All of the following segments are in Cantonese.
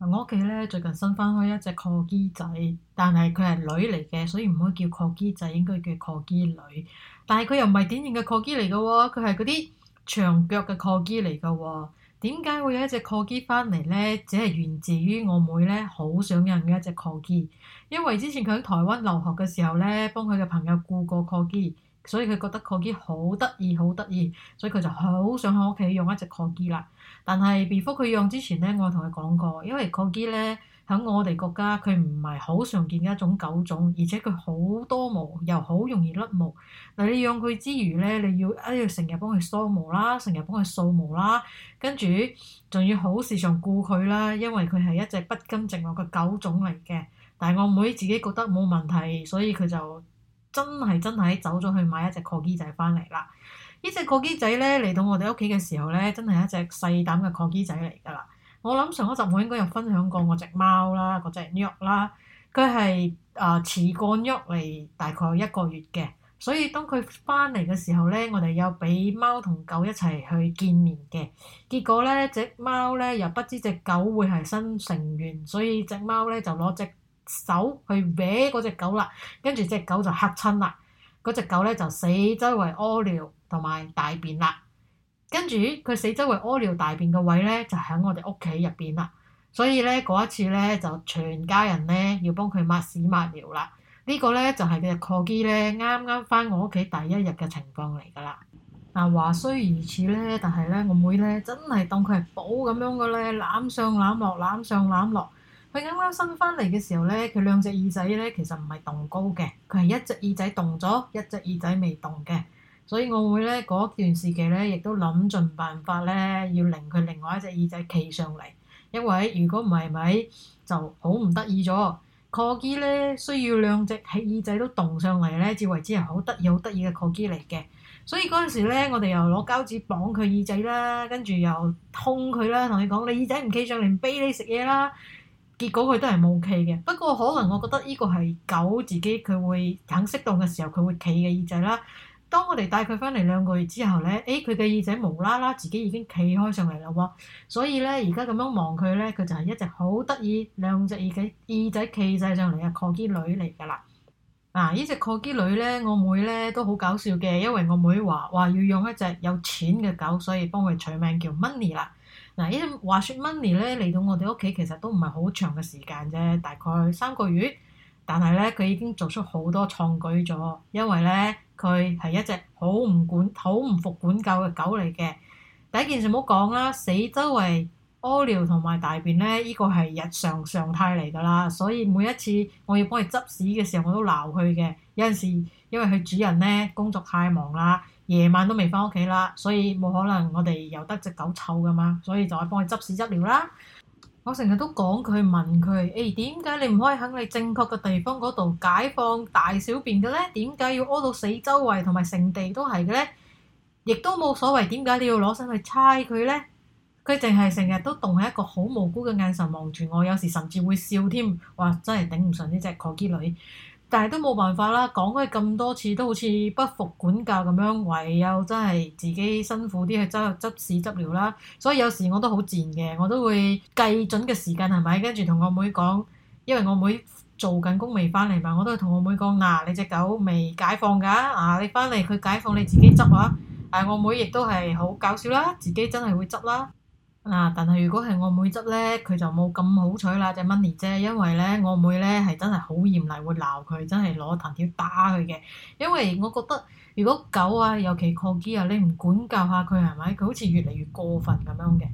我屋企咧最近新翻開一隻柯基仔，但係佢係女嚟嘅，所以唔可以叫柯基仔，應該叫柯基女。但係佢又唔係典型嘅柯基嚟嘅，佢係嗰啲長腳嘅柯基嚟嘅。點解會有一隻柯基翻嚟咧？只係源自於我妹咧好想養嘅一隻柯基，因為之前佢喺台灣留學嘅時候咧，幫佢嘅朋友顧過柯基。所以佢覺得柯基好得意，好得意，所以佢就好想喺屋企養一隻柯基啦。但係 before 佢養之前咧，我同佢講過，因為柯基咧喺我哋國家佢唔係好常見嘅一種狗種，而且佢好多毛，又好容易甩毛。但你養佢之餘咧，你要一定要成日幫佢梳毛啦，成日幫佢掃毛啦，跟住仲要好時常顧佢啦，因為佢係一隻不甘寂寞嘅狗種嚟嘅。但係我妹自己覺得冇問題，所以佢就真係真係走咗去買一隻柯基仔翻嚟啦！呢隻柯基仔咧嚟到我哋屋企嘅時候咧，真係一隻細膽嘅柯基仔嚟㗎啦！我諗上一集我應該有分享過我隻貓啦，嗰隻 y 啦，佢係啊遲過 y 嚟大概一個月嘅，所以當佢翻嚟嘅時候咧，我哋有俾貓同狗一齊去見面嘅，結果咧隻貓咧又不知隻狗會係新成員，所以隻貓咧就攞隻。手去搲嗰隻狗啦，跟住隻狗就嚇親啦。嗰隻狗咧就四周圍屙尿同埋大便啦。跟住佢四周圍屙尿大便嘅位咧就喺我哋屋企入邊啦。所以咧嗰一次咧就全家人咧要幫佢抹屎抹尿啦。呢、這個咧就係佢隻柯基咧啱啱返我屋企第一日嘅情況嚟㗎啦。嗱話雖如此咧，但係咧我妹咧真係當佢係寶咁樣嘅咧，攬上攬落攬上攬落。抱上抱上佢啱啱生翻嚟嘅時候咧，佢兩隻耳仔咧其實唔係動高嘅，佢係一隻耳仔動咗，一隻耳仔未動嘅。所以我會咧嗰段時期咧，亦都諗盡辦法咧，要令佢另外一隻耳仔企上嚟，因為如果唔係咪就好唔得意咗。柯基咧需要兩隻係耳仔都動上嚟咧，至為之係好得意、好得意嘅柯基嚟嘅。所以嗰陣時咧，我哋又攞膠紙綁佢耳仔啦，跟住又通佢啦，同你講你耳仔唔企上嚟，唔俾你食嘢啦。結果佢都係冇企嘅，不過可能我覺得呢個係狗自己，佢會等適當嘅時候佢會企嘅耳仔啦。當我哋帶佢翻嚟兩個月之後咧，誒，佢嘅耳仔無啦啦自己已經企開上嚟啦喎，所以咧，而家咁樣望佢咧，佢就係一隻好得意，兩隻耳仔耳仔企晒上嚟嘅柯基女嚟㗎啦。嗱、啊，呢隻柯基女咧，我妹咧都好搞笑嘅，因為我妹話話要用一隻有錢嘅狗，所以幫佢取名叫 Money 啦。嗱，依啲話說，Money 咧嚟到我哋屋企，其實都唔係好長嘅時間啫，大概三個月。但係咧，佢已經做出好多創舉咗，因為咧，佢係一隻好唔管、好唔服管教嘅狗嚟嘅。第一件事唔好講啦，死周圍屙尿同埋大便咧，呢個係日常常態嚟㗎啦。所以每一次我要幫佢執屎嘅時候，我都鬧佢嘅。有陣時，因為佢主人咧工作太忙啦。夜晚都未返屋企啦，所以冇可能我哋由得隻狗臭噶嘛，所以就係幫佢執屎執尿啦。我成日都講佢問佢，誒點解你唔可以喺你正確嘅地方嗰度解放大小便嘅呢？點解要屙到四周圍同埋成地都係嘅呢？亦都冇所謂，點解你要攞身去猜佢呢？佢淨係成日都棟喺一個好無辜嘅眼神望住我，有時甚至會笑添。哇！真係頂唔順呢隻柯基女。但係都冇辦法啦，講開咁多次都好似不服管教咁樣，唯有真係自己辛苦啲去執執屎執尿啦。所以有時我都好賤嘅，我都會計準嘅時間係咪？跟住同我妹講，因為我妹做緊工未返嚟嘛，我都係同我妹講，嗱，啊，你隻狗未解放噶，啊你翻嚟佢解放你自己執啊！但係，我妹亦都係好搞笑啦，自己真係會執啦。嗱、啊，但係如果係我妹執咧，佢就冇咁好彩啦，隻 Money 啫，因為咧我妹咧係真係好嚴厲，會鬧佢，真係攞藤條打佢嘅。因為我覺得如果狗啊，尤其柯基啊，你唔管教下佢係咪？佢好似越嚟越過分咁樣嘅。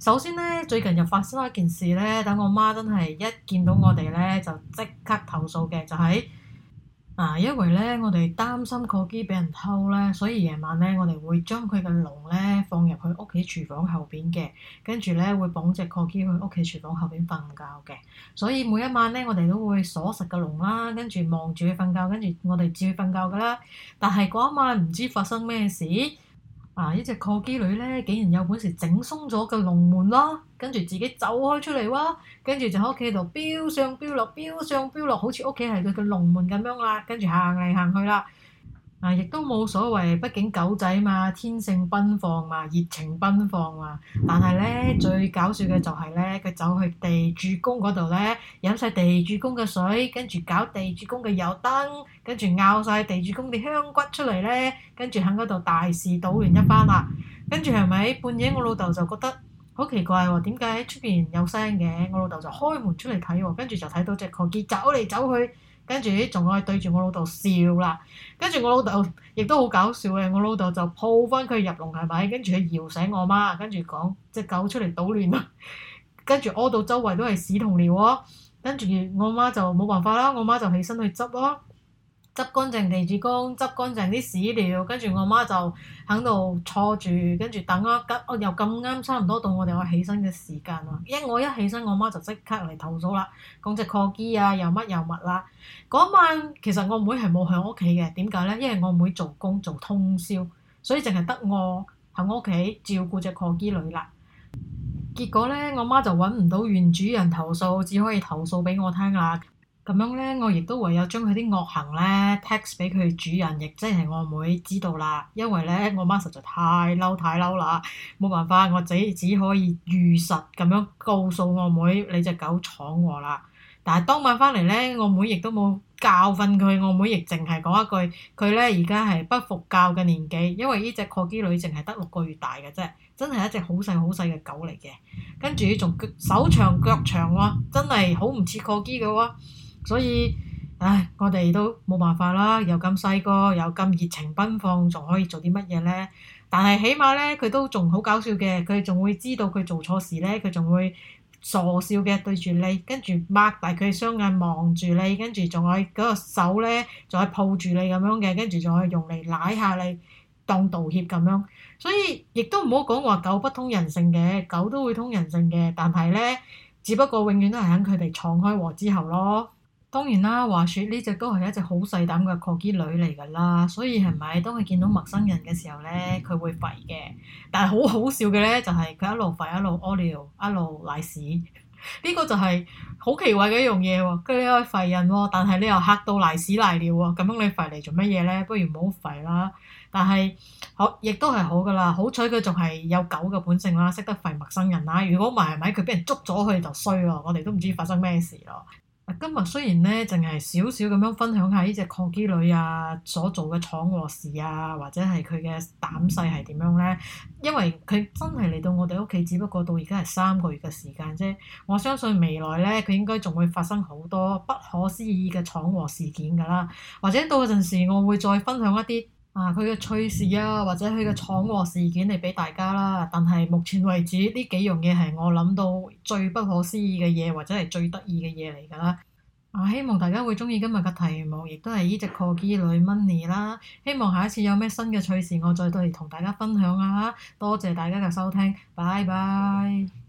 首先咧，最近又發生一件事咧，等我媽真係一見到我哋咧、嗯，就即刻投訴嘅，就喺。啊，因為咧，我哋擔心柯基俾人偷咧，所以夜晚咧，我哋會將佢嘅籠咧放入佢屋企廚房後邊嘅，跟住咧會綁隻柯基去屋企廚房後邊瞓覺嘅。所以每一晚咧，我哋都會鎖實個籠啦，跟住望住佢瞓覺，跟住我哋照會瞓覺㗎啦。但係嗰一晚唔知發生咩事。啊！呢隻柯基女咧，竟然有本事整鬆咗個龍門囉，跟住自己走開出嚟喎！跟住就喺屋企度飆上飆落，飆上飆落，好似屋企係佢嘅龍門咁樣啦，跟住行嚟行去啦。嗱，亦、啊、都冇所謂，畢竟狗仔嘛，天性奔放嘛，熱情奔放嘛。但係咧，最搞笑嘅就係咧，佢走去地主公嗰度咧，飲晒地主公嘅水，跟住搞地主公嘅油燈，跟住拗晒地主公嘅香骨出嚟咧，跟住喺嗰度大肆搗亂一番啦。跟住係咪半夜我老豆就覺得好奇怪喎、啊？點解出邊有聲嘅？我老豆就開門出嚟睇喎，跟住就睇到隻柯基走嚟走去。跟住仲可以對住我老豆笑啦，跟住我老豆亦都好搞笑嘅，我老豆就抱翻佢入籠係咪？跟住佢搖醒我媽，跟住講隻狗出嚟搗亂啦，跟住屙到周圍都係屎同尿啊、哦！跟住我媽就冇辦法啦，我媽就起身去執啊、哦。執乾淨地主公，執乾淨啲屎尿，跟住我媽就喺度坐住，跟住等啊吉，又咁啱差唔多到我哋我起身嘅時間啦。一我一起身，我媽就即刻嚟投訴啦，講隻柯基啊，又乜又乜啦。嗰晚其實我妹係冇喺屋企嘅，點解呢？因為我妹做工做通宵，所以淨係得我喺屋企照顧隻柯基女啦。結果呢，我媽就揾唔到原主人投訴，只可以投訴俾我聽啦。咁樣咧，我亦都唯有將佢啲惡行咧 text 俾佢主人，亦即係我妹知道啦。因為咧，我媽實在太嬲太嬲啦，冇辦法，我仔只可以如實咁樣告訴我妹你隻狗闖禍啦。但係當晚翻嚟咧，我妹亦都冇教訓佢，我妹亦淨係講一句佢咧，而家係不服教嘅年紀，因為呢隻柯基女淨係得六個月大嘅啫，真係一隻好細好細嘅狗嚟嘅。跟住仲腳手長腳長喎，真係好唔似柯基嘅喎。所以，唉，我哋都冇辦法啦。又咁細個，又咁熱情奔放，仲可以做啲乜嘢呢？但係起碼呢，佢都仲好搞笑嘅。佢仲會知道佢做錯事呢，佢仲會傻笑嘅對住你，跟住擘大佢雙眼望住你，跟住仲係嗰個手呢，仲可以抱住你咁樣嘅，跟住仲可以用嚟舐下你當道歉咁樣。所以亦都唔好講話狗不通人性嘅，狗都會通人性嘅。但係呢，只不過永遠都係喺佢哋闖開禍之後咯。當然啦，話説呢隻都係一隻好細膽嘅柯基女嚟㗎啦，所以係咪當佢見到陌生人嘅時候咧，佢會吠嘅。但係好好笑嘅咧，就係、是、佢一路吠一路屙尿一路瀨屎，呢 個就係好奇怪嘅一樣嘢喎。跟住咧吠人喎、啊，但係你又嚇到瀨屎瀨尿喎。咁樣你吠嚟做乜嘢咧？不如唔好吠啦。但係好亦都係好㗎啦，好彩佢仲係有狗嘅本性啦、啊，識得吠陌生人啦、啊。如果唔係，係咪佢俾人捉咗佢就衰咯？我哋都唔知發生咩事咯。今日雖然咧，淨係少少咁樣分享下呢隻柯基女啊，所做嘅闖禍事啊，或者係佢嘅膽細係點樣咧？因為佢真係嚟到我哋屋企，只不過到而家係三個月嘅時間啫。我相信未來咧，佢應該仲會發生好多不可思議嘅闖禍事件㗎啦。或者到嗰陣時，我會再分享一啲。啊！佢嘅趣事啊，或者佢嘅闖禍事件嚟畀大家啦。但係目前為止呢幾樣嘢係我諗到最不可思議嘅嘢，或者係最得意嘅嘢嚟㗎啦。啊！希望大家會鍾意今日嘅題目，亦都係呢隻柯基女 Money 啦。希望下一次有咩新嘅趣事，我再到嚟同大家分享啊！多謝大家嘅收聽，拜拜。拜拜。